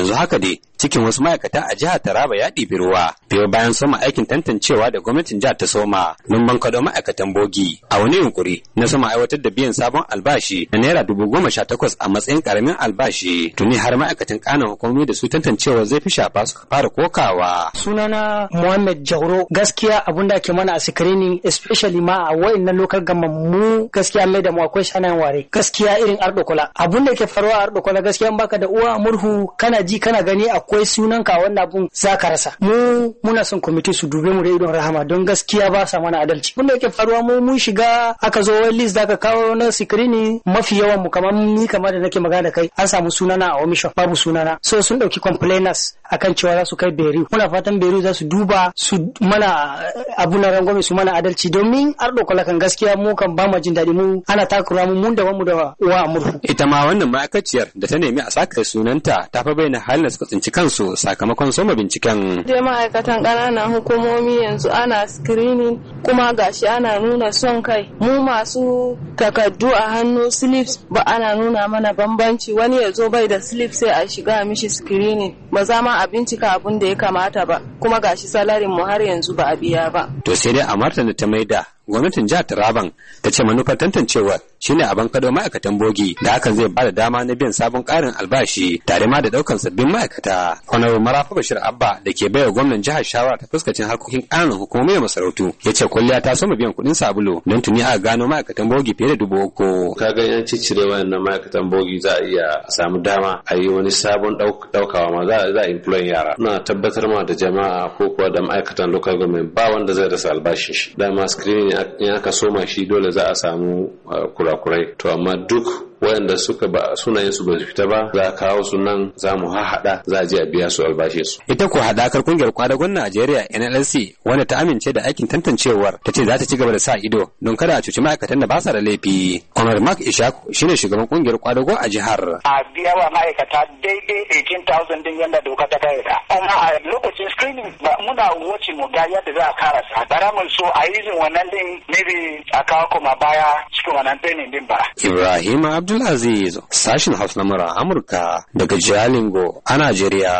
yanzu haka dai cikin wasu ma'aikata a jihar Taraba ya ɗibi ruwa biyo bayan soma aikin tantancewa da gwamnatin jihar ta soma don bankaɗo ma'aikatan bogi a wani yunkuri na sama aiwatar da biyan sabon albashi na naira dubu goma sha takwas a matsayin karamin albashi tuni har ma'aikatan ƙanan hukumomi da su tantancewa zai fi shafa su fara kokawa. Sunana Muhammad Jauro gaskiya abun da ke mana a sikirini especially ma a wa'innan lokal gaman mu gaskiya mai da mu akwai shanayen ware gaskiya irin kula. abun da ke faruwa a kula gaskiya baka da uwa murhu kana ji kana gani a akwai sunan ka wannan abun za ka rasa mu muna son kwamiti su dube mu da idon rahama don gaskiya ba sa mana adalci Mun da yake faruwa mu mun shiga aka zo wani list da aka kawo na sikirini mafi yawan mu kamar ni kamar da nake magana da kai an samu sunana a omission babu sunana so sun dauki complainers akan cewa za su kai Beru muna fatan Beru za su duba su mana eh, abu na rangwame su mana adalci domin arɗo kan gaskiya mu kan ba mu jin daɗi mu ana takura mu mun da mu da wa murhu ita ma wannan ma'aikaciyar da ta nemi a saka sunanta ta fa bayyana halin da suka tsinci kansu sakamakon soma binciken dai ma'aikatan ƙananan hukumomi yanzu ana screening kuma gashi ana nuna son kai mu masu takardu a hannu slips ba ana nuna mana bambanci wani ya zo bai da slips sai a shiga mishi screening ba za ma a bincika abin da ya kamata ba kuma ga shi salarin mu har yanzu ba a biya ba. To sai dai a martani ta maida gwamnatin jihar Taraban ta ce manufar tantancewar shine a bankado ma'aikatan bogi da hakan zai bada dama na biyan sabon karin albashi tare ma da ɗaukan sabbin ma'aikata. Kwanar Marafa Bashir Abba da ke baiwa gwamnan jihar shawara ta fuskacin harkokin ƙananan da masarautu ya ce kwalliya ta soma biyan kuɗin sabulu don tuni a gano ma'aikatan bogi fiye da dubu uku. Ka ga yan ciccire wannan ma'aikatan bogi za a iya samu dama a yi wani sabon daukawa ma za a employ yara. Ina tabbatar ma da jama'a A ko kuwa da ma'aikatan local government ba wanda zai rasa albashin shi dama screening in aka soma shi dole za a samu uh, kurakurai to amma duk wayanda suka ba sunayen su ba fita ba za a kawo su nan za mu haɗa za a je a biya su albashin su. Ita ko haɗakar kungiyar kwadagon Najeriya NLC wanda ta amince da aikin tantancewar ta ce za ta ci gaba da sa ido don kada a cuci ma'aikatan da ba sa da laifi. Kwamar Mark Ishaku shine shugaban kungiyar kwadago a jihar. A biya wa ma'aikata daidai za a karasa bara mu so a yi wannan din maybe a kawo kuma baya cikin wannan training din ba Ibrahim Abdulaziz sashin Hausa na Amurka daga Jalingo a Najeriya